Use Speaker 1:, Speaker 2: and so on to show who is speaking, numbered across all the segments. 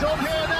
Speaker 1: Job here now.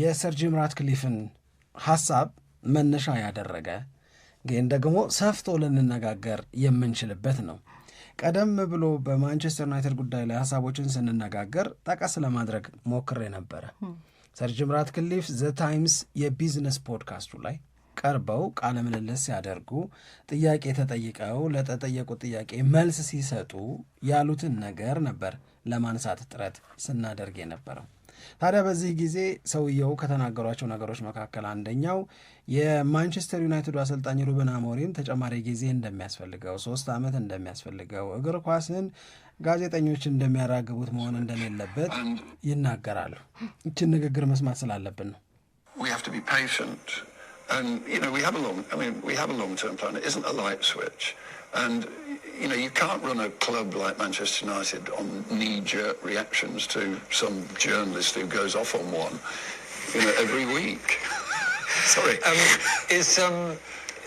Speaker 1: የሰር ጂም ራትክሊፍን ሀሳብ መነሻ ያደረገ ግን ደግሞ ሰፍቶ ልንነጋገር የምንችልበት ነው። ቀደም ብሎ በማንቸስተር ዩናይትድ ጉዳይ ላይ ሀሳቦችን ስንነጋገር ጠቀስ ለማድረግ ሞክሬ ነበረ። ሰር ጂም ራትክሊፍ ዘ ታይምስ የቢዝነስ ፖድካስቱ ላይ ቀርበው ቃለ ምልልስ ሲያደርጉ ጥያቄ ተጠይቀው ለተጠየቁት ጥያቄ መልስ ሲሰጡ ያሉትን ነገር ነበር ለማንሳት ጥረት ስናደርግ የነበረው። ታዲያ በዚህ ጊዜ ሰውየው ከተናገሯቸው ነገሮች መካከል አንደኛው የማንቸስተር ዩናይትዱ አሰልጣኝ ሩበን አሞሪም ተጨማሪ ጊዜ እንደሚያስፈልገው፣ ሶስት ዓመት እንደሚያስፈልገው፣ እግር ኳስን ጋዜጠኞች እንደሚያራግቡት መሆን እንደሌለበት ይናገራሉ። ይችን ንግግር መስማት ስላለብን ነው።
Speaker 2: we have a long, I mean, we have a long-term plan. It isn't a light switch. And you know, you can't run a club like Manchester United on knee-jerk reactions to some journalist who goes off on one, you know, every week. Sorry.
Speaker 3: Um, is um,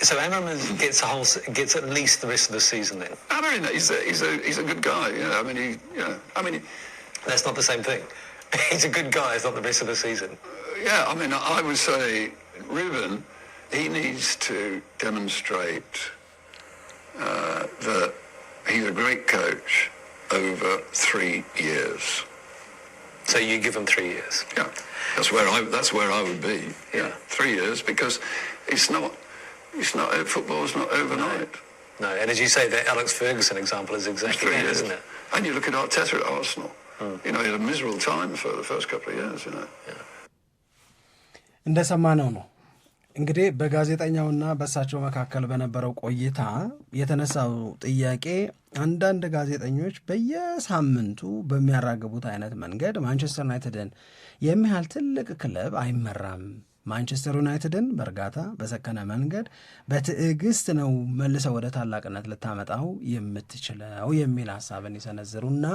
Speaker 3: so Emmerman gets a whole gets at least the rest of the season then.
Speaker 2: I mean, he's a he's a he's a good guy. Yeah, I mean, he yeah, I mean, he,
Speaker 3: that's not the same thing. he's a good guy. It's not the rest of the season.
Speaker 2: Uh, yeah, I mean, I would say Ruben, he needs to demonstrate uh, that he's a great coach over three years.
Speaker 3: So you give him three years?
Speaker 2: Yeah, that's where I that's where I would be. Yeah, three years because it's not it's not is uh, not overnight.
Speaker 3: No. no. and as you say, the Alex Ferguson example is exactly that, years. isn't it?
Speaker 2: And you look at Arteta at Arsenal. Mm. You know, he had a miserable time for the first couple of years. You know. Yeah.
Speaker 1: And that's a man እንግዲህ በጋዜጠኛውና በእሳቸው መካከል በነበረው ቆይታ የተነሳው ጥያቄ አንዳንድ ጋዜጠኞች በየሳምንቱ በሚያራግቡት አይነት መንገድ ማንቸስተር ዩናይትድን የሚያህል ትልቅ ክለብ አይመራም። ማንቸስተር ዩናይትድን በእርጋታ በሰከነ መንገድ በትዕግስት ነው መልሰው ወደ ታላቅነት ልታመጣው የምትችለው የሚል ሀሳብን ይሰነዝሩና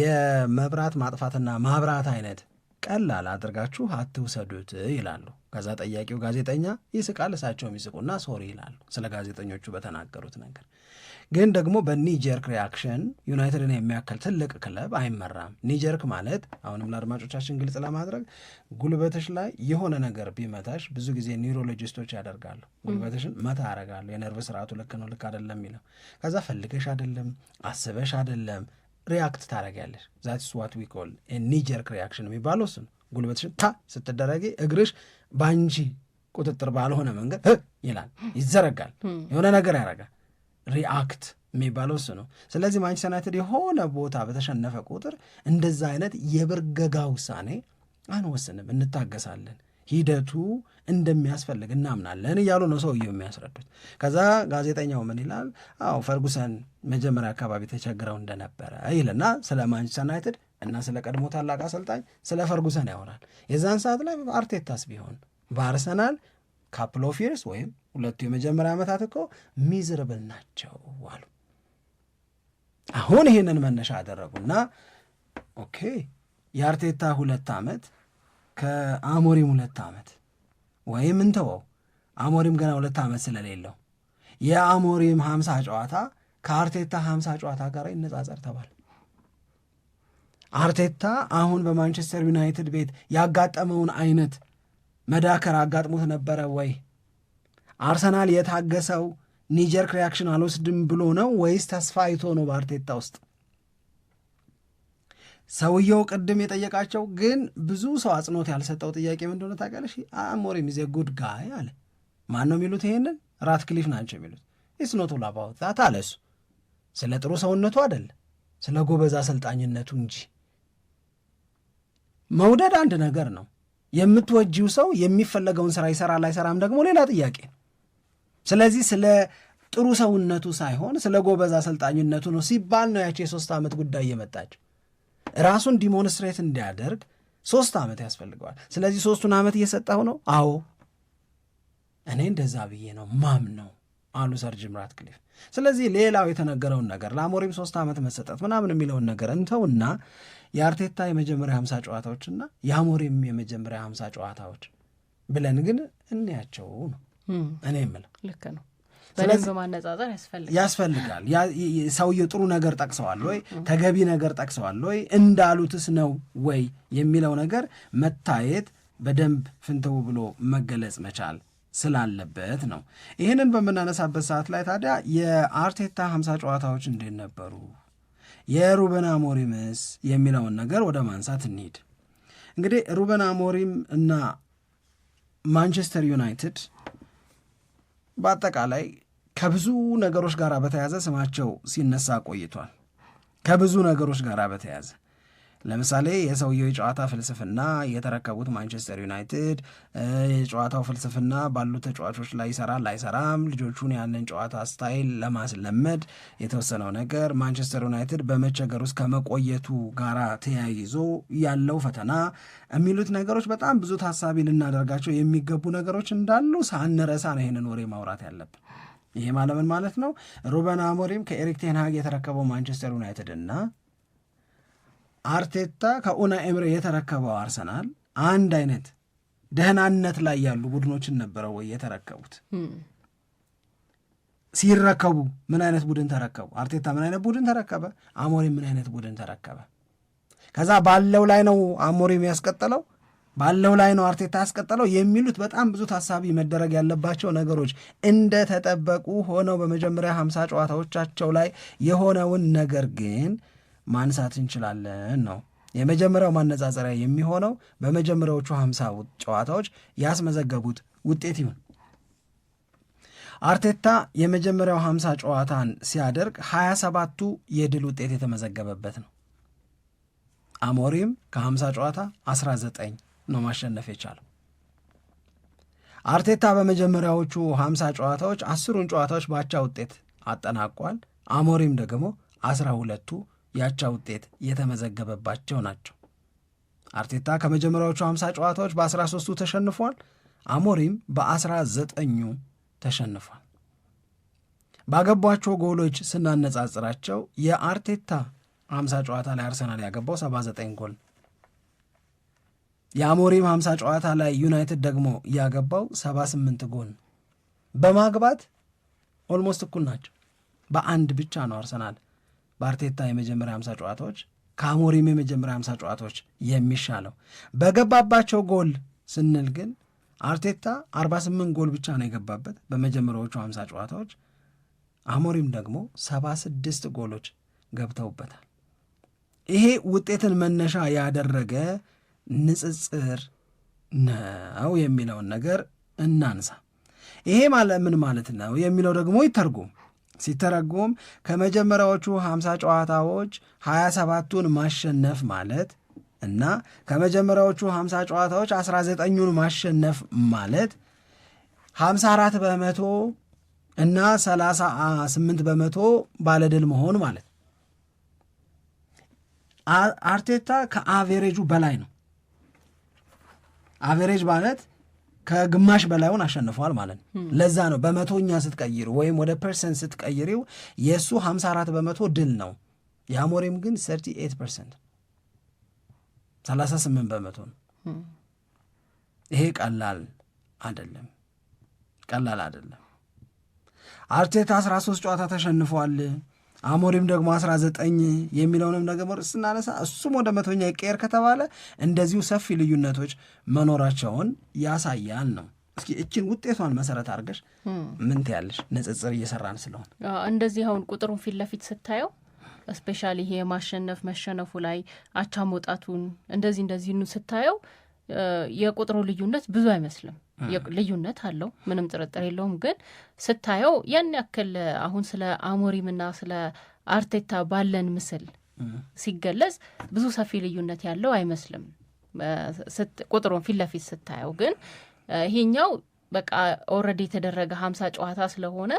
Speaker 1: የመብራት ማጥፋትና ማብራት አይነት ቀላል አድርጋችሁ አትውሰዱት ይላሉ። ከዛ ጠያቂው ጋዜጠኛ ይስቃል፣ እሳቸውም ይስቁና ሶሪ ይላሉ ስለ ጋዜጠኞቹ በተናገሩት ነገር። ግን ደግሞ በኒጀርክ ሪያክሽን ዩናይትድን የሚያክል ትልቅ ክለብ አይመራም። ኒጀርክ ማለት አሁንም ለአድማጮቻችን ግልጽ ለማድረግ ጉልበትሽ ላይ የሆነ ነገር ቢመታሽ ብዙ ጊዜ ኒውሮሎጂስቶች ያደርጋሉ። ጉልበትሽን መታ አረጋሉ የነርቭ ስርዓቱ ልክ ነው ልክ አደለም የሚለው ከዛ ፈልገሽ አደለም አስበሽ አደለም ሪያክት ታደረጊያለሽ። ዛትስ ዋት ዊ ኮል ኒጀርክ ሪያክሽን የሚባለው እሱ ነው። ጉልበትሽን ታ ስትደረጊ እግርሽ በአንቺ ቁጥጥር ባልሆነ መንገድ ይላል፣ ይዘረጋል፣ የሆነ ነገር ያደርጋል። ሪአክት የሚባለው እሱ ነው። ስለዚህ ማንቸስተር ዩናይትድ የሆነ ቦታ በተሸነፈ ቁጥር እንደዛ አይነት የብርገጋ ውሳኔ አንወስንም፣ እንታገሳለን። ሂደቱ እንደሚያስፈልግ እናምናለን እያሉ ነው ሰውየው የሚያስረዱት። ከዛ ጋዜጠኛው ምን ይላል? አዎ ፈርጉሰን መጀመሪያ አካባቢ ተቸግረው እንደነበረ ይልና ስለ ማንቸስተር ዩናይትድ እና ስለ ቀድሞ ታላቅ አሰልጣኝ ስለ ፈርጉሰን ያወራል። የዛን ሰዓት ላይ አርቴታስ ቢሆን በአርሰናል ካፕሎፊርስ ወይም ሁለቱ የመጀመሪያ ዓመታት እኮ ሚዝርብል ናቸው አሉ። አሁን ይህንን መነሻ አደረጉና ኦኬ የአርቴታ ሁለት ዓመት ከአሞሪም ሁለት ዓመት ወይም እንተወው አሞሪም ገና ሁለት ዓመት ስለሌለው የአሞሪም ሀምሳ ጨዋታ ከአርቴታ ሀምሳ ጨዋታ ጋር ይነጻጸር ተባል። አርቴታ አሁን በማንቸስተር ዩናይትድ ቤት ያጋጠመውን አይነት መዳከር አጋጥሞት ነበረ ወይ? አርሰናል የታገሰው ኒጀርክ ሪያክሽን አልወስድም ብሎ ነው ወይስ ተስፋ አይቶ ነው በአርቴታ ውስጥ ሰውየው ቅድም የጠየቃቸው ግን ብዙ ሰው አጽንኦት ያልሰጠው ጥያቄ ምንደሆነ እንደሆነ አሞሪም ጉድ ጋይ አለ። ማን ነው የሚሉት? ይሄንን ራትክሊፍ ናቸው የሚሉት። ኢስኖቱ ላባወጣት አለ። እሱ ስለ ጥሩ ሰውነቱ አደለ፣ ስለ ጎበዝ አሰልጣኝነቱ እንጂ። መውደድ አንድ ነገር ነው። የምትወጂው ሰው የሚፈለገውን ስራ ይሰራል አይሰራም ደግሞ ሌላ ጥያቄ ነው። ስለዚህ ስለ ጥሩ ሰውነቱ ሳይሆን ስለ ጎበዝ አሰልጣኝነቱ ነው ሲባል ነው ያቺ የሶስት ዓመት ጉዳይ የመጣቸው። ራሱን ዲሞንስትሬት እንዲያደርግ ሶስት ዓመት ያስፈልገዋል። ስለዚህ ሶስቱን ዓመት እየሰጠው ነው። አዎ እኔ እንደዛ ብዬ ነው ማም ነው አሉ ሰር ጂም ራትክሊፍ። ስለዚህ ሌላው የተነገረውን ነገር ለአሞሪም ሶስት ዓመት መሰጠት ምናምን የሚለውን ነገር እንተውና የአርቴታ የመጀመሪያ ሀምሳ ጨዋታዎችና የአሞሪም የመጀመሪያ ሀምሳ ጨዋታዎች ብለን ግን እንያቸው ነው እኔ የምለው
Speaker 4: ልክ ነው። በደንብ ማነጻጸር ያስፈልጋል
Speaker 1: ያስፈልጋል። ሰውየው ጥሩ ነገር ጠቅሰዋል ወይ፣ ተገቢ ነገር ጠቅሰዋል ወይ፣ እንዳሉትስ ነው ወይ የሚለው ነገር መታየት በደንብ ፍንትው ብሎ መገለጽ መቻል ስላለበት ነው። ይህንን በምናነሳበት ሰዓት ላይ ታዲያ የአርቴታ ሀምሳ ጨዋታዎች እንዴት ነበሩ የሩበን አሞሪምስ የሚለውን ነገር ወደ ማንሳት እንሂድ። እንግዲህ ሩበን አሞሪም እና ማንቸስተር ዩናይትድ በአጠቃላይ ከብዙ ነገሮች ጋር በተያዘ ስማቸው ሲነሳ ቆይቷል። ከብዙ ነገሮች ጋር በተያዘ ለምሳሌ የሰውየው የጨዋታ ፍልስፍና የተረከቡት ማንቸስተር ዩናይትድ የጨዋታው ፍልስፍና ባሉት ተጫዋቾች ላይ ይሰራል አይሰራም፣ ልጆቹን ያንን ጨዋታ ስታይል ለማስለመድ የተወሰነው ነገር፣ ማንቸስተር ዩናይትድ በመቸገር ውስጥ ከመቆየቱ ጋር ተያይዞ ያለው ፈተና የሚሉት ነገሮች በጣም ብዙ ታሳቢ ልናደርጋቸው የሚገቡ ነገሮች እንዳሉ ሳንረሳ ነው ይህንን ወሬ ማውራት ያለብን። ይሄ ማለምን ማለት ነው። ሩበን አሞሪም ከኤሪክ ቴንሃግ የተረከበው ማንቸስተር ዩናይትድ እና አርቴታ ከኡና ኤምሬ የተረከበው አርሰናል አንድ አይነት ደህናነት ላይ ያሉ ቡድኖችን ነበረው ወይ የተረከቡት? Hmm. ሲረከቡ ምን አይነት ቡድን ተረከቡ? አርቴታ ምን አይነት ቡድን ተረከበ? አሞሪም ምን አይነት ቡድን ተረከበ? ከዛ ባለው ላይ ነው አሞሪም ያስቀጠለው ባለው ላይ ነው አርቴታ ያስቀጠለው የሚሉት በጣም ብዙ ታሳቢ መደረግ ያለባቸው ነገሮች እንደተጠበቁ ሆነው በመጀመሪያ ሀምሳ ጨዋታዎቻቸው ላይ የሆነውን ነገር ግን ማንሳት እንችላለን ነው የመጀመሪያው ማነጻጸሪያ የሚሆነው በመጀመሪያዎቹ ሀምሳ ጨዋታዎች ያስመዘገቡት ውጤት ይሁን። አርቴታ የመጀመሪያው ሀምሳ ጨዋታን ሲያደርግ ሀያ ሰባቱ የድል ውጤት የተመዘገበበት ነው። አሞሪም ከሀምሳ ጨዋታ አስራ ዘጠኝ ነው ማሸነፍ የቻለው። አርቴታ በመጀመሪያዎቹ ሀምሳ ጨዋታዎች አስሩን ጨዋታዎች በአቻ ውጤት አጠናቋል። አሞሪም ደግሞ አስራ ሁለቱ የአቻ ውጤት የተመዘገበባቸው ናቸው። አርቴታ ከመጀመሪያዎቹ ሀምሳ ጨዋታዎች በአስራ ሦስቱ ተሸንፏል። አሞሪም በአስራ ዘጠኙ ተሸንፏል። ባገቧቸው ጎሎች ስናነጻጽራቸው የአርቴታ ሀምሳ ጨዋታ ላይ አርሰናል ያገባው 79 ጎል የአሞሪም 50 ጨዋታ ላይ ዩናይትድ ደግሞ ያገባው 78 ጎል በማግባት ኦልሞስት እኩል ናቸው። በአንድ ብቻ ነው አርሰናል በአርቴታ የመጀመሪያ 50 ጨዋታዎች ከአሞሪም የመጀመሪያ 50 ጨዋታዎች የሚሻለው። በገባባቸው ጎል ስንል ግን አርቴታ 48 ጎል ብቻ ነው የገባበት በመጀመሪያዎቹ 50 ጨዋታዎች፣ አሞሪም ደግሞ 76 ጎሎች ገብተውበታል። ይሄ ውጤትን መነሻ ያደረገ ንጽጽር ነው የሚለውን ነገር እናንሳ። ይሄ ማለት ምን ማለት ነው የሚለው ደግሞ ይተርጉም። ሲተረጉም ከመጀመሪያዎቹ 50 ጨዋታዎች 27ቱን ማሸነፍ ማለት እና ከመጀመሪያዎቹ 50 ጨዋታዎች 19ኙን ማሸነፍ ማለት 54 በመቶ እና 38 በመቶ ባለድል መሆን ማለት አርቴታ ከአቬሬጁ በላይ ነው። አቨሬጅ ማለት ከግማሽ በላይውን አሸንፏል ማለት ነው። hmm. ለዛ ነው በመቶኛ ስትቀይሩ ወይም ወደ ፐርሰንት ስትቀይሪው የእሱ 54 በመቶ ድል ነው። የአሞሪም ግን 38 ፐርሰንት 38 በመቶ ነው። hmm. ይሄ ቀላል አይደለም፣ ቀላል አይደለም። አርቴታ 13 ጨዋታ ተሸንፏል። አሞሪም ደግሞ 19 የሚለውንም ነገር ስናነሳ እሱም ወደ መቶኛ ይቀየር ከተባለ እንደዚሁ ሰፊ ልዩነቶች መኖራቸውን ያሳያል ነው። እስኪ እችን ውጤቷን መሰረት አድርገሽ ምን ትያለሽ? ንጽጽር እየሰራን ስለሆን
Speaker 4: እንደዚህ አሁን ቁጥሩን ፊት ለፊት ስታየው ስፔሻሊ ይሄ ማሸነፍ መሸነፉ ላይ አቻ መውጣቱን እንደዚህ እንደዚህ ስታየው የቁጥሩ ልዩነት ብዙ አይመስልም። ልዩነት አለው፣ ምንም ጥርጥር የለውም። ግን ስታየው ያን ያክል አሁን ስለ አሞሪምና ስለ አርቴታ ባለን ምስል ሲገለጽ ብዙ ሰፊ ልዩነት ያለው አይመስልም። ቁጥሩን ፊት ለፊት ስታየው ግን ይሄኛው በቃ ኦልሬዲ የተደረገ ሀምሳ ጨዋታ ስለሆነ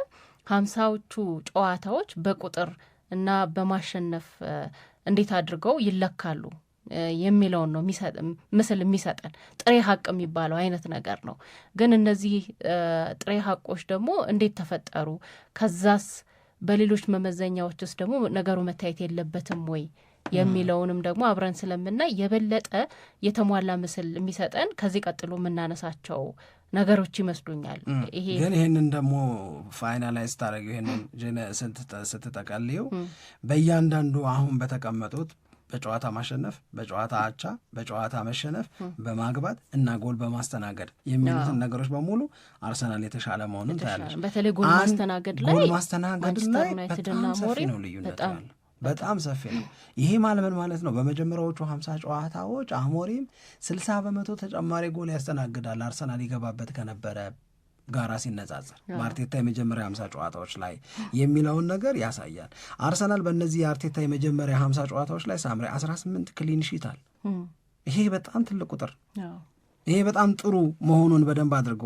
Speaker 4: ሀምሳዎቹ ጨዋታዎች በቁጥር እና በማሸነፍ እንዴት አድርገው ይለካሉ የሚለውን ነው ምስል የሚሰጠን ጥሬ ሀቅ የሚባለው አይነት ነገር ነው። ግን እነዚህ ጥሬ ሀቆች ደግሞ እንዴት ተፈጠሩ? ከዛስ በሌሎች መመዘኛዎች ውስጥ ደግሞ ነገሩ መታየት የለበትም ወይ የሚለውንም ደግሞ አብረን ስለምናይ የበለጠ የተሟላ ምስል የሚሰጠን ከዚህ ቀጥሎ የምናነሳቸው ነገሮች ይመስሉኛል።
Speaker 1: ግን ይህንን ደግሞ ፋይናላይዝ ታደረገው ይህንን ስትጠቀልየው በእያንዳንዱ አሁን በተቀመጡት በጨዋታ ማሸነፍ፣ በጨዋታ አቻ፣ በጨዋታ መሸነፍ፣ በማግባት እና ጎል በማስተናገድ የሚሉትን ነገሮች በሙሉ አርሰናል የተሻለ መሆኑን
Speaker 4: ታያለች። በተለይ ጎል ማስተናገድ ላይ
Speaker 1: ጎል ማስተናገድ ላይ በጣም ሰፊ ነው ልዩነት ያለው በጣም ሰፊ ነው። ይሄ ማለምን ማለት ነው። በመጀመሪያዎቹ ሀምሳ ጨዋታዎች አሞሪም ስልሳ በመቶ ተጨማሪ ጎል ያስተናግዳል አርሰናል ይገባበት ከነበረ ጋራ ሲነጻጸር በአርቴታ የመጀመሪያ ሀምሳ ጨዋታዎች ላይ የሚለውን ነገር ያሳያል። አርሰናል በእነዚህ የአርቴታ የመጀመሪያ ሀምሳ ጨዋታዎች ላይ ሳምሪ 18 ክሊን ሺት አለ። ይሄ በጣም ትልቅ ቁጥር፣ ይሄ በጣም ጥሩ መሆኑን በደንብ አድርጎ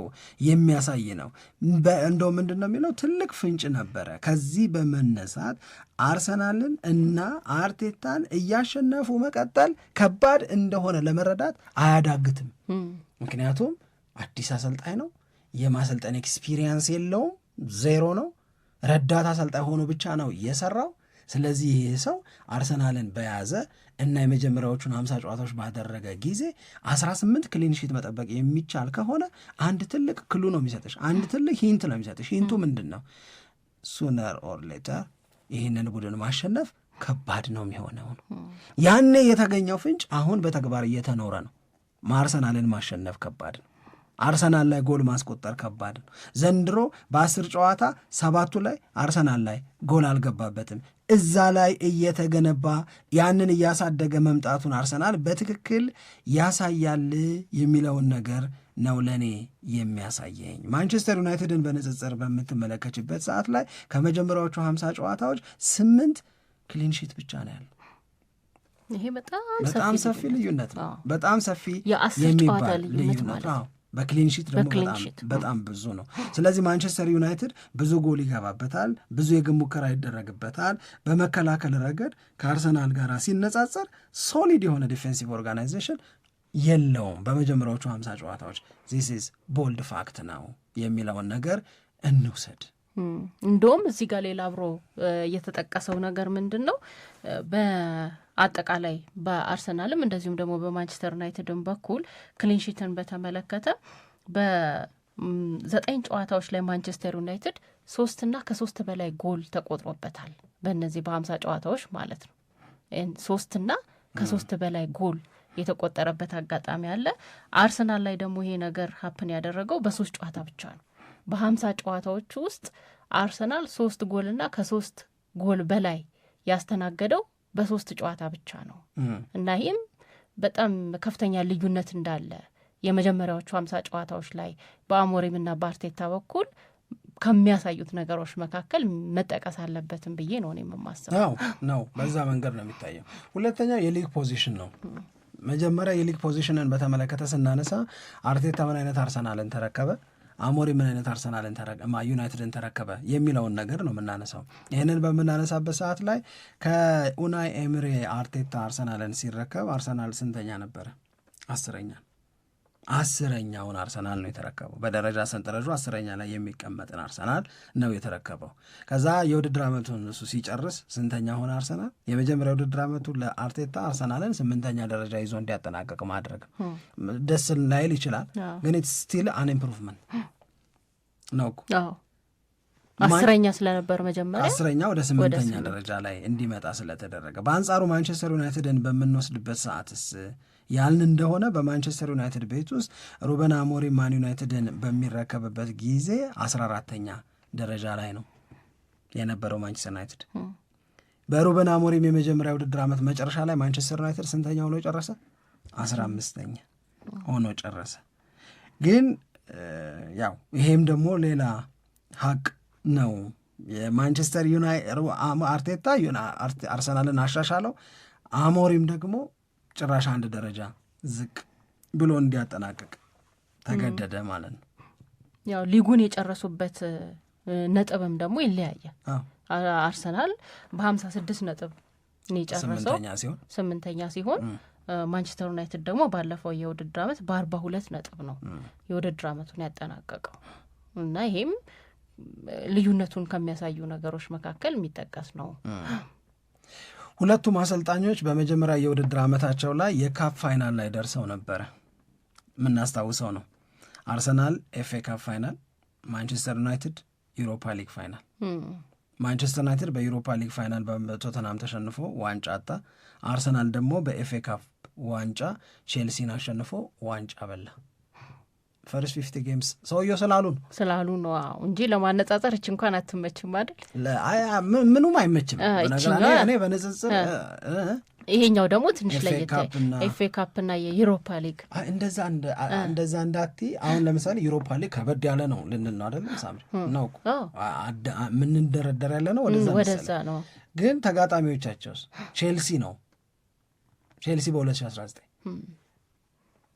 Speaker 1: የሚያሳይ ነው። እንደው ምንድን ነው የሚለው ትልቅ ፍንጭ ነበረ። ከዚህ በመነሳት አርሰናልን እና አርቴታን እያሸነፉ መቀጠል ከባድ እንደሆነ ለመረዳት አያዳግትም። ምክንያቱም አዲስ አሰልጣኝ ነው የማሰልጠን ኤክስፒሪየንስ የለውም፣ ዜሮ ነው። ረዳት አሰልጣኝ ሆኖ ብቻ ነው የሰራው። ስለዚህ ይህ ሰው አርሰናልን በያዘ እና የመጀመሪያዎቹን ሀምሳ ጨዋታዎች ባደረገ ጊዜ ስምንት ክሊንሺት መጠበቅ የሚቻል ከሆነ አንድ ትልቅ ክሉ ነው የሚሰጥሽ፣ አንድ ትልቅ ሂንት ነው የሚሰጥሽ። ሂንቱ ምንድን ነው? ሱነር ኦር ሌተር ይህንን ቡድን ማሸነፍ ከባድ ነው የሚሆነው። ያኔ የተገኘው ፍንጭ አሁን በተግባር እየተኖረ ነው። አርሰናልን ማሸነፍ ከባድ ነው። አርሰናል ላይ ጎል ማስቆጠር ከባድ ነው። ዘንድሮ በአስር ጨዋታ ሰባቱ ላይ አርሰናል ላይ ጎል አልገባበትም። እዛ ላይ እየተገነባ ያንን እያሳደገ መምጣቱን አርሰናል በትክክል ያሳያል የሚለውን ነገር ነው ለእኔ የሚያሳየኝ። ማንቸስተር ዩናይትድን በንጽጽር በምትመለከችበት ሰዓት ላይ ከመጀመሪያዎቹ ሀምሳ ጨዋታዎች ስምንት ክሊንሺት ብቻ ነው ያለው። ይሄ በጣም ሰፊ ልዩነት ነው። በጣም ሰፊ የሚባል ልዩነት ነው። በክሊንሺት ደግሞ በጣም ብዙ ነው። ስለዚህ ማንቸስተር ዩናይትድ ብዙ ጎል ይገባበታል፣ ብዙ የግብ ሙከራ ይደረግበታል። በመከላከል ረገድ ከአርሰናል ጋር ሲነጻጸር ሶሊድ የሆነ ዲፌንሲቭ ኦርጋናይዜሽን የለውም። በመጀመሪያዎቹ 50 ጨዋታዎች ዚስ ኢዝ ቦልድ ፋክት ነው የሚለውን ነገር እንውሰድ።
Speaker 4: እንደውም እዚህ ጋር ሌላ አብሮ የተጠቀሰው ነገር ምንድን ነው? በአጠቃላይ በአርሰናልም እንደዚሁም ደግሞ በማንቸስተር ዩናይትድም በኩል ክሊንሺትን በተመለከተ በዘጠኝ ጨዋታዎች ላይ ማንቸስተር ዩናይትድ ሶስትና ከሶስት በላይ ጎል ተቆጥሮበታል። በእነዚህ በሀምሳ ጨዋታዎች ማለት ነው። ሶስትና ከሶስት በላይ ጎል የተቆጠረበት አጋጣሚ አለ። አርሰናል ላይ ደግሞ ይሄ ነገር ሀፕን ያደረገው በሶስት ጨዋታ ብቻ ነው። በሀምሳ ጨዋታዎች ውስጥ አርሰናል ሶስት ጎልና ከሶስት ጎል በላይ ያስተናገደው በሶስት ጨዋታ ብቻ ነው እና ይህም በጣም ከፍተኛ ልዩነት እንዳለ የመጀመሪያዎቹ ሀምሳ ጨዋታዎች ላይ በአሞሪምና በአርቴታ በኩል ከሚያሳዩት ነገሮች መካከል መጠቀስ አለበትም ብዬ ነው የምማስበው።
Speaker 1: ነው በዛ መንገድ ነው የሚታየው። ሁለተኛው የሊግ ፖዚሽን ነው። መጀመሪያ የሊግ ፖዚሽንን በተመለከተ ስናነሳ አርቴታ ምን አይነት አርሰናልን ተረከበ? አሞሪ ምን አይነት አርሰናልን ዩናይትድን ተረከበ የሚለውን ነገር ነው የምናነሳው። ይህንን በምናነሳበት ሰዓት ላይ ከኡናይ ኤምሬ አርቴታ አርሰናልን ሲረከብ አርሰናል ስንተኛ ነበረ? አስረኛ አስረኛውን አርሰናል ነው የተረከበው። በደረጃ ሰንጠረዡ አስረኛ ላይ የሚቀመጥን አርሰናል ነው የተረከበው። ከዛ የውድድር ዓመቱን እሱ ሲጨርስ ስንተኛ ሆነ አርሰናል? የመጀመሪያ ውድድር ዓመቱ ለአርቴታ አርሰናልን ስምንተኛ ደረጃ ይዞ እንዲያጠናቀቅ ማድረግ ደስ ላይል ይችላል፣ ግን ስቲል አን ኢምፕሩቭመንት ነው እኮ
Speaker 4: አስረኛ ስለነበር መጀመሪያ
Speaker 1: አስረኛ ወደ ስምንተኛ ደረጃ ላይ እንዲመጣ ስለተደረገ። በአንጻሩ ማንቸስተር ዩናይትድን በምንወስድበት ሰዓትስ ያልን እንደሆነ በማንቸስተር ዩናይትድ ቤት ውስጥ ሩበን አሞሪ ማን ዩናይትድን በሚረከብበት ጊዜ አስራ አራተኛ ደረጃ ላይ ነው የነበረው ማንቸስተር ዩናይትድ። በሩበን አሞሪም የመጀመሪያ ውድድር ዓመት መጨረሻ ላይ ማንቸስተር ዩናይትድ ስንተኛ ሆኖ ጨረሰ? አስራ አምስተኛ ሆኖ ጨረሰ። ግን ያው ይሄም ደግሞ ሌላ ሀቅ ነው። የማንቸስተር ዩናይ አርቴታ አርሰናልን አሻሻለው፣ አሞሪም ደግሞ ጭራሽ አንድ ደረጃ ዝቅ ብሎ እንዲያጠናቅቅ ተገደደ ማለት ነው።
Speaker 4: ያው ሊጉን የጨረሱበት ነጥብም ደግሞ ይለያያል። አርሰናል በሀምሳ ስድስት ነጥብ ነው የጨረሰው
Speaker 1: ስምንተኛ ሲሆን
Speaker 4: ማንቸስተር ዩናይትድ ደግሞ ባለፈው የውድድር ዓመት በአርባ ሁለት ነጥብ ነው የውድድር ዓመቱን ያጠናቀቀው እና ይሄም ልዩነቱን ከሚያሳዩ ነገሮች መካከል የሚጠቀስ ነው።
Speaker 1: ሁለቱም አሰልጣኞች በመጀመሪያ የውድድር ዓመታቸው ላይ የካፕ ፋይናል ላይ ደርሰው ነበረ። የምናስታውሰው ነው። አርሰናል ኤፍ ኤ ካፕ ፋይናል፣ ማንቸስተር ዩናይትድ ዩሮፓ ሊግ ፋይናል። ማንቸስተር ዩናይትድ በዩሮፓ ሊግ ፋይናል በቶተናም ተሸንፎ ዋንጫ አጣ። አርሰናል ደግሞ በኤፍ ኤ ካፕ ዋንጫ ቼልሲን አሸንፎ ዋንጫ በላ። ፈርስት ፊፍቲ ጌምስ ሰውየው ስላሉ ነው
Speaker 4: ስላሉ ነው እንጂ ለማነጻጸር እች እንኳን አትመችም አይደል?
Speaker 1: ምኑም አይመችም። እኔ በንጽጽር
Speaker 4: ይሄኛው ደግሞ ትንሽ ለየት ኤፍ ኤ ካፕና የዩሮፓ ሊግ
Speaker 1: እንደዛ እንዳቲ አሁን ለምሳሌ ዩሮፓ ሊግ ከበድ ያለ ነው ልንል ነው አደለም? ሳምሪ ነው ምንደረደር ያለ ነው ወደዛ ነው። ግን ተጋጣሚዎቻቸው ቼልሲ ነው ቼልሲ በ2019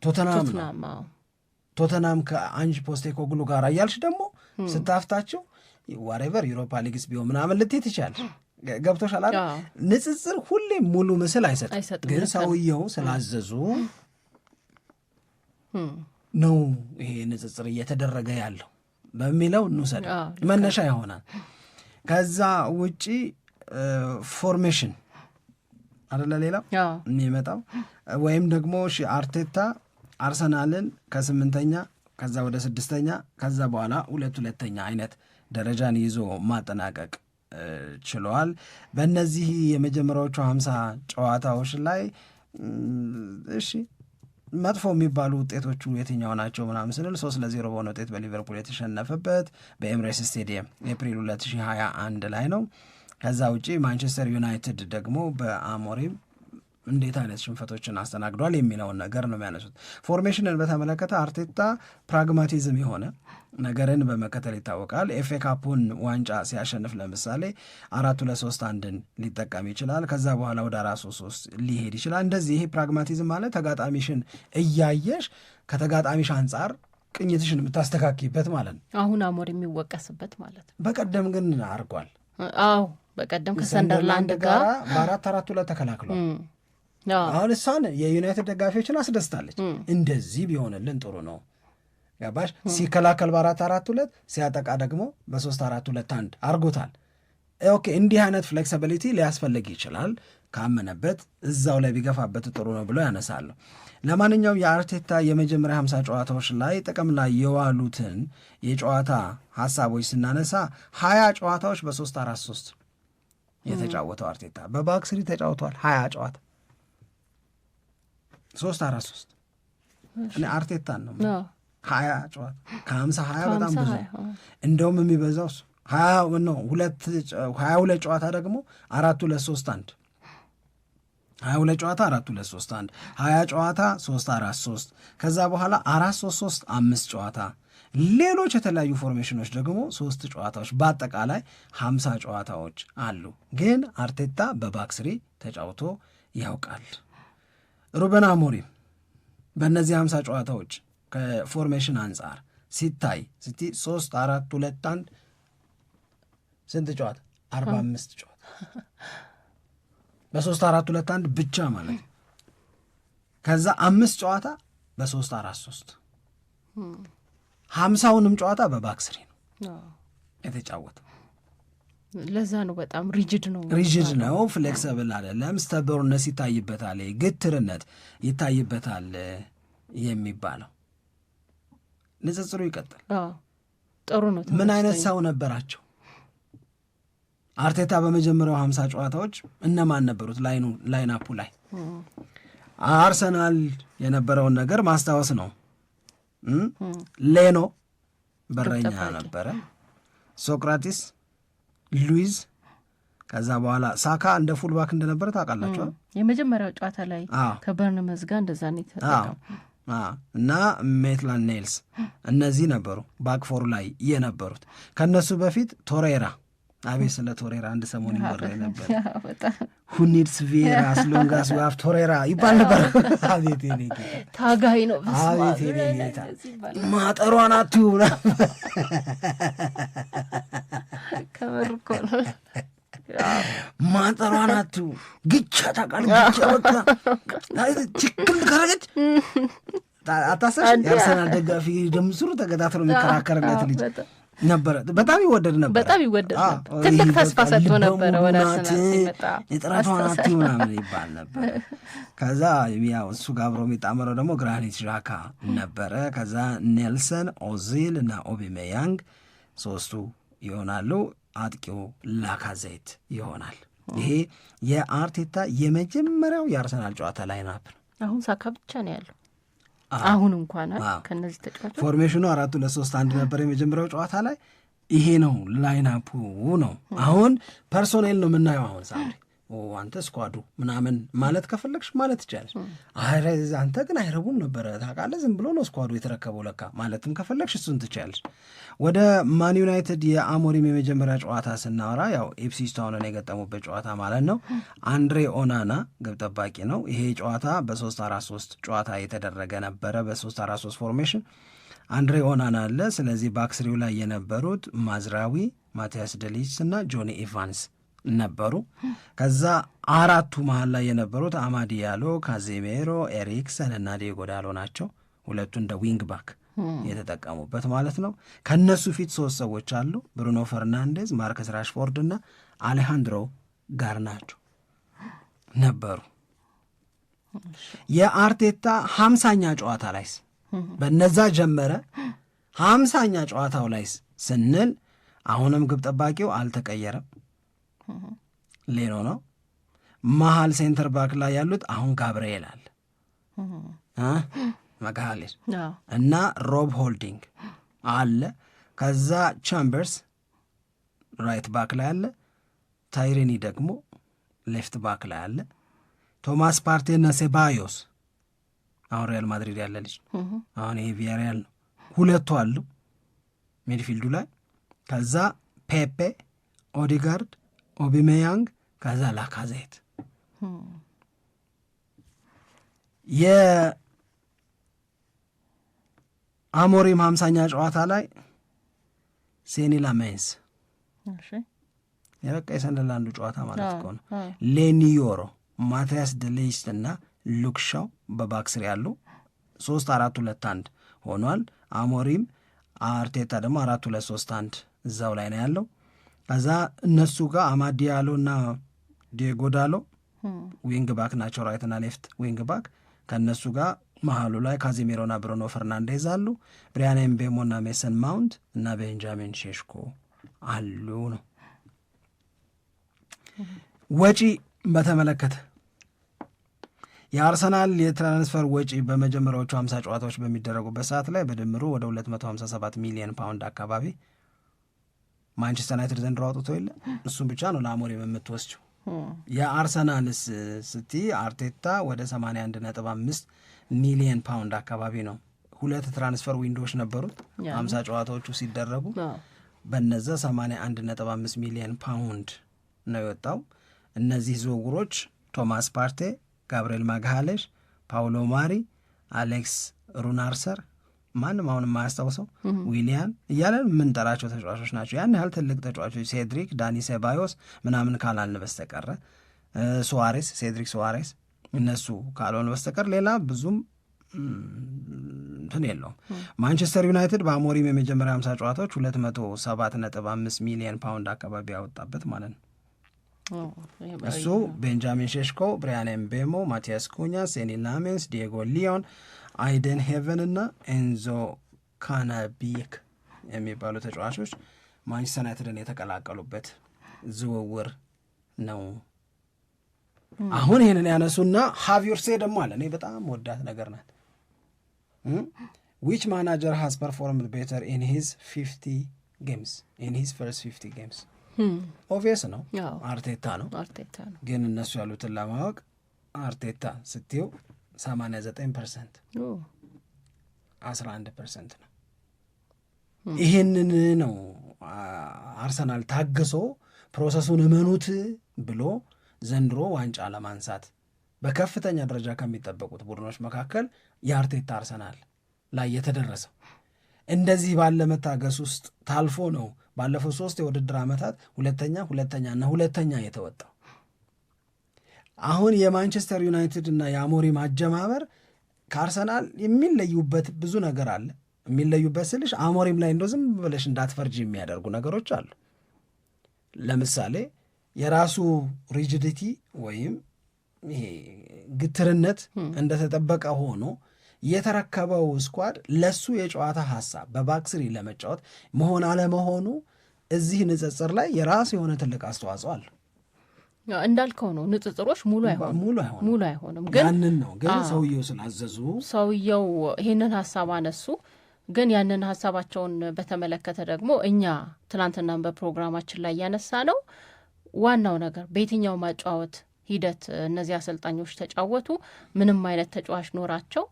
Speaker 1: ቶተናም ነው ቶተናም ከአንጅ ፖስቴኮግሉ ጋር እያልሽ ደግሞ ስታፍታቸው ዋሬቨር ዩሮፓ ሊግስ ቢሆን ምናምን ልትይ ትችያለሽ። ገብቶሻል አይደል? ንጽጽር ሁሌ ሙሉ ምስል አይሰጥም፣ ግን ሰውየው ስላዘዙ ነው ይሄ ንጽጽር እየተደረገ ያለው በሚለው እንውሰድ መነሻ ይሆናል። ከዛ ውጪ ፎርሜሽን አይደለ ሌላ የሚመጣው ወይም ደግሞ አርቴታ አርሰናልን ከስምንተኛ ከዛ ወደ ስድስተኛ ከዛ በኋላ ሁለት ሁለተኛ አይነት ደረጃን ይዞ ማጠናቀቅ ችለዋል። በእነዚህ የመጀመሪያዎቹ ሀምሳ ጨዋታዎች ላይ እሺ መጥፎ የሚባሉ ውጤቶቹ የትኛው ናቸው ምናምን ስንል ሶስት ለዜሮ በሆነ ውጤት በሊቨርፑል የተሸነፈበት በኤምሬስ ስቴዲየም ኤፕሪል 2021 ላይ ነው። ከዛ ውጪ ማንቸስተር ዩናይትድ ደግሞ በአሞሪም እንዴት አይነት ሽንፈቶችን አስተናግዷል የሚለውን ነገር ነው የሚያነሱት። ፎርሜሽንን በተመለከተ አርቴታ ፕራግማቲዝም የሆነ ነገርን በመከተል ይታወቃል። ኤፌ ካፑን ዋንጫ ሲያሸንፍ ለምሳሌ አራት ለሶስት አንድን ሊጠቀም ይችላል። ከዛ በኋላ ወደ አራት ሶስት ሊሄድ ይችላል። እንደዚህ ይሄ ፕራግማቲዝም ማለት ተጋጣሚሽን እያየሽ ከተጋጣሚሽ አንጻር ቅኝትሽን የምታስተካክይበት ማለት ነው።
Speaker 4: አሁን አሞር የሚወቀስበት ማለት ነው።
Speaker 1: በቀደም ግን አድርጓል።
Speaker 4: አዎ በቀደም ከሰንደርላንድ ጋር
Speaker 1: በአራት አራት ሁለት ተከላክሏል። አሁን እሷን የዩናይትድ ደጋፊዎችን አስደስታለች። እንደዚህ ቢሆንልን ጥሩ ነው። ገባሽ? ሲከላከል በአራት አራት ሁለት ሲያጠቃ ደግሞ በሶስት አራት ሁለት አንድ አድርጎታል። ኦኬ እንዲህ አይነት ፍሌክሲቢሊቲ ሊያስፈልግ ይችላል። ካመነበት እዛው ላይ ቢገፋበት ጥሩ ነው ብሎ ያነሳለሁ። ለማንኛውም የአርቴታ የመጀመሪያ ሀምሳ ጨዋታዎች ላይ ጥቅም ላይ የዋሉትን የጨዋታ ሀሳቦች ስናነሳ ሀያ ጨዋታዎች በሶስት አራት ሶስት የተጫወተው አርቴታ በባክስሪ ተጫውተዋል ሀያ ጨዋታ ሶስት አራት ሶስት እኔ አርቴታን ነው ሀያ ጨዋታ ከሀምሳ ሀያ በጣም ብዙ እንደውም የሚበዛው ሀያ ሁለት ጨዋታ ደግሞ አራት ሁለት ሶስት አንድ ሀያ ሁለት ጨዋታ አራት ሁለት ሶስት አንድ ሀያ ጨዋታ ሶስት አራት ሶስት ከዛ በኋላ አራት ሶስት ሶስት አምስት ጨዋታ ሌሎች የተለያዩ ፎርሜሽኖች ደግሞ ሶስት ጨዋታዎች በአጠቃላይ ሀምሳ ጨዋታዎች አሉ። ግን አርቴታ በባክስሪ ተጫውቶ ያውቃል። ሩበን አሞሪም በእነዚህ ሀምሳ ጨዋታዎች ከፎርሜሽን አንጻር ሲታይ ስቲ ሶስት አራት ሁለት አንድ ስንት ጨዋታ? አርባ አምስት ጨዋታ በሶስት አራት ሁለት አንድ ብቻ ማለት ከዛ አምስት ጨዋታ በሶስት አራት ሶስት ሀምሳውንም ጨዋታ በባክስሪ ነው የተጫወተው።
Speaker 4: ለዛ ነው በጣም ሪጅድ ነው
Speaker 1: ሪጅድ ነው፣ ፍሌክስብል አይደለም። ስተበሩነት ይታይበታል፣ ግትርነት ይታይበታል የሚባለው ንጽጽሩ ይቀጥል። ጥሩ ነው። ምን አይነት ሰው ነበራቸው? አርቴታ በመጀመሪያው ሀምሳ ጨዋታዎች እነማን ነበሩት? ላይናፑ ላይ አርሰናል የነበረውን ነገር ማስታወስ ነው። ሌኖ በረኛ ነበረ። ሶክራቲስ ሉዊዝ ከዛ በኋላ ሳካ እንደ ፉልባክ እንደነበረ ታውቃላችኋል።
Speaker 4: የመጀመሪያው ጨዋታ ላይ ከበርን መዝጋ እንደዛ
Speaker 1: ነው እና ሜትላንድ ኔልስ እነዚህ ነበሩ ባክፎሩ ላይ የነበሩት። ከእነሱ በፊት ቶሬራ አቤት ስለ ቶሬራ አንድ ሰሞን ይወራ ነበር። ሁኒድስ ቬራ ስሎንጋስ ዋፍ ቶሬራ ይባል ነበር። አቤት
Speaker 4: ኔ ታጋይ ነው።
Speaker 1: አቤት ኔ ጌታ ማጠሯን አትዩ
Speaker 4: የምር እኮ ነው።
Speaker 1: ማጠሯ ናት ግቻ ታውቃል። ግቻ በቃ ችክል ካረገች አታሰሽ የአርሰናል ደጋፊ ደምስሩ ተከታትሎ የሚከራከርለት ልጅ ነበረ። በጣም ይወደድ ነበር፣
Speaker 4: በጣም ይወደድ ነበር። ትልቅ ተስፋ ሰጥቶ ነበረ። ወደ
Speaker 1: የጥረቷ ናት ምናምን ይባል ነበር። ከዛ ያው እሱ ጋር አብሮ የሚጣመረው ደግሞ ግራኒት ዣካ ነበረ። ከዛ ኔልሰን ኦዚል እና ኦቢሜያንግ ሶስቱ ይሆናሉ። አጥቂው ላካዘይት ይሆናል። ይሄ የአርቴታ የመጀመሪያው የአርሰናል ጨዋታ ላይናፕ ነው።
Speaker 4: አሁን ሳካ ብቻ ነው ያለው። አሁን እንኳን ከነዚህ ተጫዋቾች
Speaker 1: ፎርሜሽኑ አራት ሁለት ሶስት አንድ ነበር የመጀመሪያው ጨዋታ ላይ። ይሄ ነው ላይናፑ ነው። አሁን ፐርሶኔል ነው የምናየው አሁን ሳ አንተ ስኳዱ ምናምን ማለት ከፈለግሽ ማለት ይቻላል። አንተ ግን አይረቡም ነበረ ታውቃለህ፣ ዝም ብሎ ነው ስኳዱ የተረከበው ለካ ማለትም ከፈለግሽ እሱን ትችላለሽ። ወደ ማን ዩናይትድ የአሞሪም የመጀመሪያ ጨዋታ ስናወራ ያው ኢፕስዊች ታውንን የገጠሙበት ጨዋታ ማለት ነው። አንድሬ ኦናና ግብ ጠባቂ ነው። ይሄ ጨዋታ በ343 ጨዋታ የተደረገ ነበረ፣ በ በ343 ፎርሜሽን አንድሬ ኦናና አለ። ስለዚህ በአክስሪው ላይ የነበሩት ማዝራዊ፣ ማቲያስ ደሊስ እና ጆኒ ኢቫንስ ነበሩ። ከዛ አራቱ መሀል ላይ የነበሩት አማዲ ያሎ፣ ካዜሜሮ፣ ኤሪክሰን እና ዲዮጎ ዳሎ ናቸው። ሁለቱ እንደ ዊንግ ባክ የተጠቀሙበት ማለት ነው። ከእነሱ ፊት ሶስት ሰዎች አሉ። ብሩኖ ፈርናንዴዝ፣ ማርከስ ራሽፎርድ እና አሌሃንድሮ ጋር ናቸው ነበሩ። የአርቴታ ሀምሳኛ ጨዋታ ላይስ በነዛ ጀመረ። ሀምሳኛ ጨዋታው ላይስ ስንል አሁንም ግብ ጠባቂው አልተቀየረም። ሌኖ ነው። መሀል ሴንተር ባክ ላይ ያሉት አሁን ጋብርኤል አለ መካሌስ እና ሮብ ሆልዲንግ አለ። ከዛ ቻምበርስ ራይት ባክ ላይ አለ። ታይሬኒ ደግሞ ሌፍት ባክ ላይ አለ። ቶማስ ፓርቴ ሴባዮስ አሁን ሪያል ማድሪድ ያለ ልጅ አሁን ይሄ ቪያሪያል ነው። ሁለቱ አሉ ሚድፊልዱ ላይ ከዛ ፔፔ ኦዲጋርድ ኦቢሜያንግ፣ ከዛ ላካዜት የአሞሪም ሀምሳኛ ጨዋታ ላይ ሴኒ ላሜንስ የበቃ የሰንደርላንዱ ጨዋታ ማለት እኮ ነው። ሌኒዮሮ ማቲያስ ደሌይስት እና ሉክሻው በባክስሪ ያሉ ሶስት አራት ሁለት አንድ ሆኗል። አሞሪም አርቴታ ደግሞ አራት ሁለት ሶስት አንድ እዛው ላይ ነው ያለው። ከዛ እነሱ ጋር አማዲ ያሎ እና ዴጎዳሎ hmm. ዊንግ ባክ ናቸው፣ ራይትና ሌፍት ዊንግ ባክ። ከእነሱ ጋር መሀሉ ላይ ካዚሜሮና ብሩኖ ፈርናንዴዝ አሉ። ብሪያን ኤምቤሞ እና ሜሰን ማውንት እና ቤንጃሚን ሼሽኮ አሉ ነው። ወጪ በተመለከተ የአርሰናል የትራንስፈር ወጪ በመጀመሪያዎቹ 50 ጨዋታዎች በሚደረጉበት ሰዓት ላይ በድምሩ ወደ 257 ሚሊዮን ፓውንድ አካባቢ ማንቸስተር ዩናይትድ ዘንድሮ አውጥቶ የለ እሱም ብቻ ነው ለአሞሪም የምትወስችው። የአርሰናልስ ስቲ አርቴታ ወደ 81 ነጥብ 5 ሚሊየን ፓውንድ አካባቢ ነው። ሁለት ትራንስፈር ዊንዶዎች ነበሩት 50 ጨዋታዎቹ ሲደረጉ በነዛ 81 ነጥብ አምስት ሚሊየን ፓውንድ ነው የወጣው። እነዚህ ዝውውሮች ቶማስ ፓርቴ፣ ጋብርኤል ማግሃለሽ፣ ፓውሎ ማሪ፣ አሌክስ ሩናርሰር ማንም አሁን የማያስታውሰው ዊሊያን እያለን የምንጠራቸው ተጫዋቾች ናቸው። ያን ያህል ትልቅ ተጫዋቾች ሴድሪክ፣ ዳኒ ሴባዮስ ምናምን ካላልን በስተቀረ ሱዋሬስ፣ ሴድሪክ ሱዋሬስ እነሱ ካልሆነ በስተቀር ሌላ ብዙም እንትን የለውም። ማንቸስተር ዩናይትድ በአሞሪም የመጀመሪያ ሃምሳ ጨዋታዎች ሁለት መቶ ሰባት ነጥብ አምስት ሚሊየን ፓውንድ አካባቢ ያወጣበት ማለት ነው። እሱ ቤንጃሚን ሼሽኮ፣ ብሪያን ኤምቤሞ፣ ማቲያስ ኩኛ፣ ሴኒ ላሜንስ፣ ዲየጎ ሊዮን አይደን ሄቨን እና ኤንዞ ካናቢክ የሚባሉ ተጫዋቾች ማንቸስተር ዩናይትድን የተቀላቀሉበት ዝውውር ነው። አሁን ይህንን ያነሱና ሀቪርሴ ደግሞ አለ እኔ በጣም ወዳት ነገር ናት። ዊች ማናጀር ሃዝ ፐርፎርም ቤተር ኢን ሂዝ ፊፍቲ ጌምስ ኢን ሂዝ ፈርስት ፊፍቲ ጌምስ ኦቪየስ ነው፣ አርቴታ ነው። ግን እነሱ ያሉትን ለማወቅ አርቴታ ስትው 89 ፐርሰንት 11 ፐርሰንት ነው። ይህንን ነው አርሰናል ታግሶ ፕሮሰሱን እመኑት ብሎ ዘንድሮ ዋንጫ ለማንሳት በከፍተኛ ደረጃ ከሚጠበቁት ቡድኖች መካከል የአርቴታ አርሰናል ላይ የተደረሰው እንደዚህ ባለ መታገስ ውስጥ ታልፎ ነው ባለፈው ሶስት የውድድር ዓመታት ሁለተኛ ሁለተኛ እና ሁለተኛ የተወጣው። አሁን የማንቸስተር ዩናይትድ እና የአሞሪም ማጀማበር ከአርሰናል የሚለዩበት ብዙ ነገር አለ። የሚለዩበት ስልሽ አሞሪም ላይ እንደው ዝም ብለሽ እንዳትፈርጅ የሚያደርጉ ነገሮች አሉ። ለምሳሌ የራሱ ሪጅዲቲ ወይም ይሄ ግትርነት እንደተጠበቀ ሆኖ የተረከበው ስኳድ ለሱ የጨዋታ ሀሳብ በባክስሪ ለመጫወት መሆን አለመሆኑ እዚህ ንጽጽር ላይ የራሱ የሆነ ትልቅ አስተዋጽኦ አለው።
Speaker 4: እንዳልከው ነው ንጽጽሮች ሙሉ አይሆንም ሙሉ አይሆንም።
Speaker 1: ግን ያንን ነው ግን ሰውየው ስላዘዙ
Speaker 4: ሰውየው ይህንን ሀሳብ አነሱ። ግን ያንን ሀሳባቸውን በተመለከተ ደግሞ እኛ ትናንትናም በፕሮግራማችን ላይ ያነሳ ነው ዋናው ነገር በየትኛው ማጫወት ሂደት እነዚህ አሰልጣኞች ተጫወቱ ምንም አይነት ተጫዋች ኖራቸው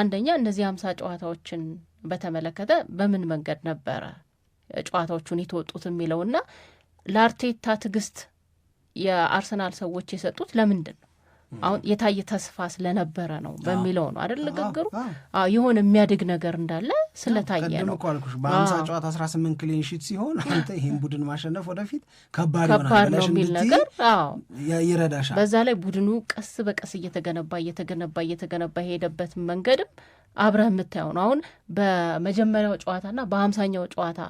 Speaker 4: አንደኛ እነዚህ ሀምሳ ጨዋታዎችን በተመለከተ በምን መንገድ ነበረ ጨዋታዎቹን የተወጡት የሚለውና ለአርቴታ ትዕግስት የአርሰናል ሰዎች የሰጡት ለምንድን ነው? አሁን የታየ ተስፋ ስለነበረ ነው በሚለው ነው አደል ንግግሩ። የሆነ የሚያድግ ነገር እንዳለ ስለታየ
Speaker 1: ነው። አልኩሽ በአምሳ ጨዋታ አስራ ስምንት ክሊን ሺት ሲሆን አንተ ይህን ቡድን ማሸነፍ ወደፊት ከባድ
Speaker 4: ከባድ ነው የሚል ነገር ይረዳሻል። በዛ ላይ ቡድኑ ቀስ በቀስ እየተገነባ እየተገነባ እየተገነባ የሄደበት መንገድም አብረህ የምታየው ነው። አሁን በመጀመሪያው ጨዋታና በአምሳኛው ጨዋታ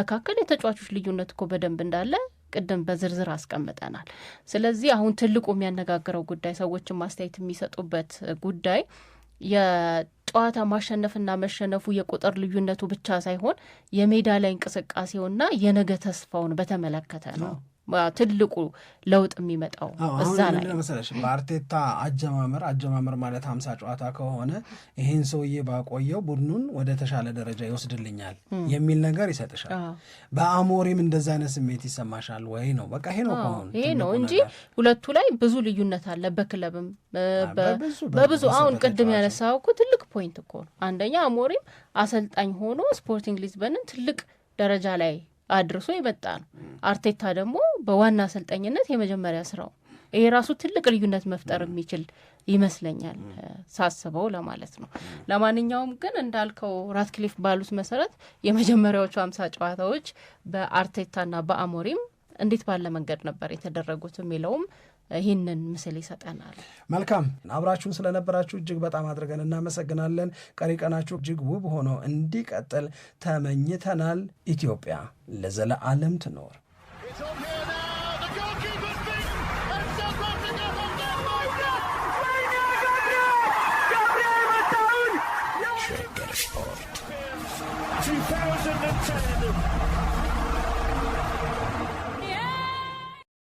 Speaker 4: መካከል የተጫዋቾች ልዩነት እኮ በደንብ እንዳለ ቅድም በዝርዝር አስቀምጠናል። ስለዚህ አሁን ትልቁ የሚያነጋግረው ጉዳይ ሰዎችን ማስተያየት የሚሰጡበት ጉዳይ የጨዋታ ማሸነፍና መሸነፉ የቁጥር ልዩነቱ ብቻ ሳይሆን የሜዳ ላይ እንቅስቃሴውና የነገ ተስፋውን በተመለከተ ነው። ትልቁ ለውጥ የሚመጣው
Speaker 1: እዛ ላይ መሰለሽ። በአርቴታ አጀማመር አጀማመር ማለት ሀምሳ ጨዋታ ከሆነ ይህን ሰውዬ ባቆየው ቡድኑን ወደ ተሻለ ደረጃ ይወስድልኛል የሚል ነገር ይሰጥሻል። በአሞሪም እንደዛ አይነት ስሜት ይሰማሻል ወይ ነው? በቃ ይሄ ነው ከሆኑ
Speaker 4: ይሄ ነው እንጂ ሁለቱ ላይ ብዙ ልዩነት አለ። በክለብም በብዙ አሁን ቅድም ያነሳው እኮ ትልቅ ፖይንት እኮ ነው። አንደኛ አሞሪም አሰልጣኝ ሆኖ ስፖርቲንግ ሊዝበንን ትልቅ ደረጃ ላይ አድርሶ የመጣ ነው። አርቴታ ደግሞ በዋና አሰልጣኝነት የመጀመሪያ ስራው ይሄ ራሱ ትልቅ ልዩነት መፍጠር የሚችል ይመስለኛል ሳስበው ለማለት ነው። ለማንኛውም ግን እንዳልከው ራትክሊፍ ባሉት መሰረት የመጀመሪያዎቹ አምሳ ጨዋታዎች በአርቴታና በአሞሪም እንዴት ባለ መንገድ ነበር የተደረጉት የሚለውም ይህንን ምስል ይሰጠናል።
Speaker 1: መልካም አብራችሁን ስለነበራችሁ እጅግ በጣም አድርገን እናመሰግናለን። ቀሪ ቀናችሁ እጅግ ውብ ሆኖ እንዲቀጥል ተመኝተናል። ኢትዮጵያ ለዘለዓለም ትኖር።